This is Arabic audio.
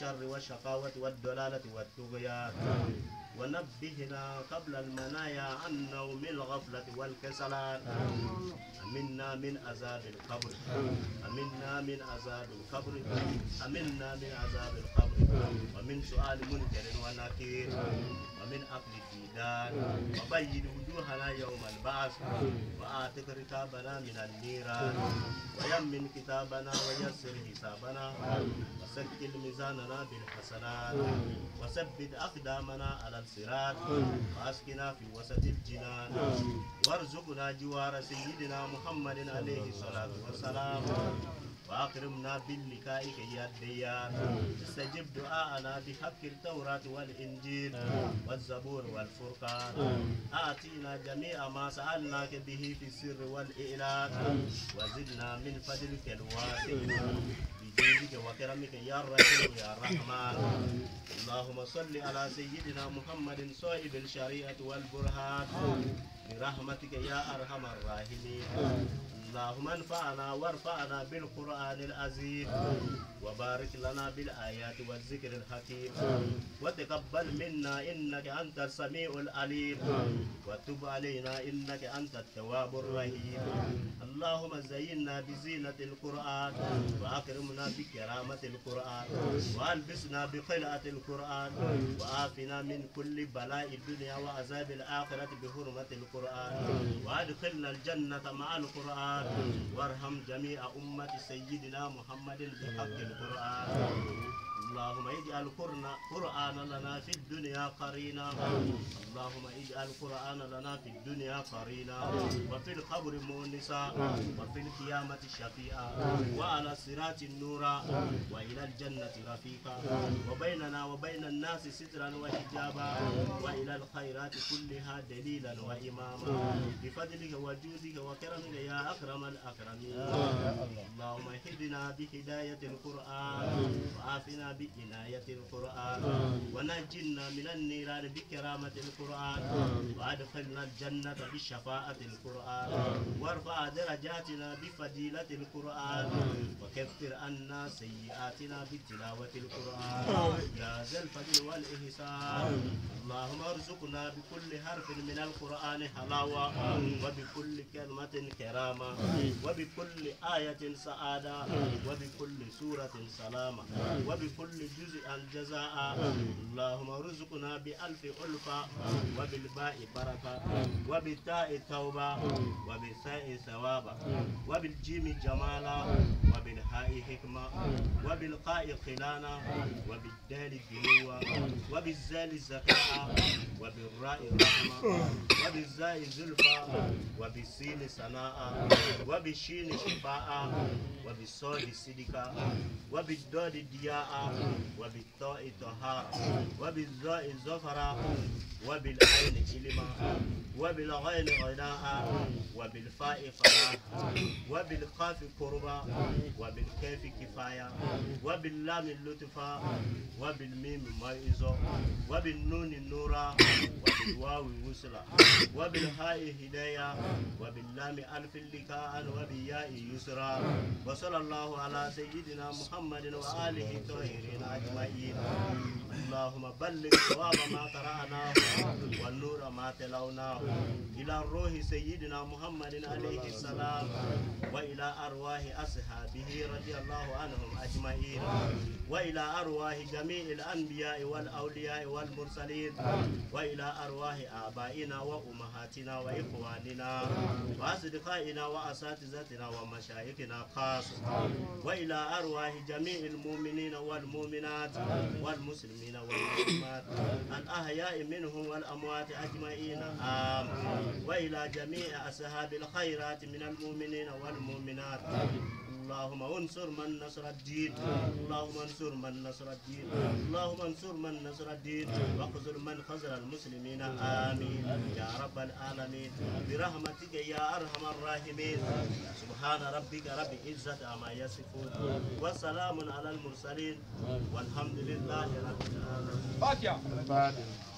الشر والشقاوة والدلالة والطغيان ونبهنا قبل المنايا عن نوم الغفلة والكسلان أمنا من عذاب القبر أمنا من عذاب القبر أمنا من عذاب القبر ومن سؤال منكر ونكير ومن أكل الديدان وبين وجوهنا يوم البعث وآتك ركابنا من النيران ويمن كتابنا ويسر حسابنا الميزان لنا بالحسنات وثبت أقدامنا على الصراط وأسكنا في وسط الجنان وارزقنا جوار سيدنا محمد عليه الصلاة والسلام وأكرمنا باللقاء يا الديار استجب دعاءنا بحق التوراة والإنجيل والزبور والفرقان آتينا جميع ما سألناك به في السر والإعلان وزدنا من فضلك الواسع سيدك وكرمك يا رحيم يا رحمن اللهم صل على سيدنا محمد صاحب الشريعة والبرهان برحمتك يا أرحم الراحمين اللهم انفعنا وارفعنا بالقرآن العزيز وبارك لنا بالآيات والذكر الحكيم وتقبل منا إنك أنت السميع العليم وتب علينا إنك أنت التواب الرحيم اللهم زينا بزينة القرآن وأكرمنا بكرامة القرآن وألبسنا بقلعة القرآن وآفنا من كل بلاء الدنيا وعذاب الآخرة بحرمة القرآن وأدخلنا الجنة مع القرآن وارحم جميع أمة سيدنا محمد بحق القرآن اللهم اجعل قرآن لنا في الدنيا قرينا اللهم اجعل قرآن لنا في الدنيا قرينا وفي القبر مونسا وفي القيامة شفيئا وعلى الصراط النورا وإلى الجنة رفيقا وبيننا وبين الناس سترا وحجابا وإلى الخيرات كلها دليلا وإماما بفضلك وجودك وكرمك يا أكرم الأكرمين اللهم اهدنا بهداية القرآن وعافنا بإناية القرآن آه. ونجنا من النيران بكرامة القرآن آه. وأدخلنا الجنة بشفاعة القرآن آه. وارفع درجاتنا بفضيلة القرآن وكفر عنا سيئاتنا بتلاوة القرآن يا ذا الفضل والإحسان اللهم ارزقنا بكل حرف من القرآن حلاوة وبكل كلمة كرامة وبكل آية سعادة وبكل سورة سلامة وبكل كل جزء الجزاء اللهم رزقنا بألف ألفة وبالباء بركة وبالتاء توبة وبالساء ثوابا وبالجيم جمالا وبالهاء حكمة وبالقاء خلانا وبالدال دلوة وبالزال زكاة وبالراء رحمة وبالزاء زلفى وبالسين سناء وبالشين شفاء وبالصاد صدقة وبالدود دياء وبالطاء طهارة وبالزاء زفرة وبالعين علما وبالغين غناء وبالفاء فلاح وبالقاف كربا وبالكاف كفاية وباللام اللطفة وبالميم مائزة وبالنون النورة وبالواو وسلة وبالهاء هداية وباللام ألف لكاء وبالياء يسرا وصلى الله على سيدنا محمد وآله الطاهرين شفينا أجمعين اللهم بلغ ثواب ما قرأناه والنور ما تلوناه إلى روح سيدنا محمد عليه السلام وإلى أرواح أصحابه رضي الله عنهم أجمعين وإلى أرواح جميع الأنبياء والأولياء والمرسلين وإلى أرواح آبائنا وأمهاتنا وإخواننا وأصدقائنا وأساتذتنا ومشايخنا خاصة وإلى أرواح جميع المؤمنين والمؤمنين والمؤمنات والمسلمين والمسلمات الأحياء منهم والأموات أجمعين آمين وإلى جميع أصحاب الخيرات من المؤمنين والمؤمنات اللهم انصر من نصر الدين اللهم انصر من نصر الدين اللهم انصر من نصر الدين واخذل من خذل المسلمين امين يا رب العالمين برحمتك يا ارحم الراحمين سبحان ربك رب العزه عما يصفون وسلام على المرسلين والحمد لله رب العالمين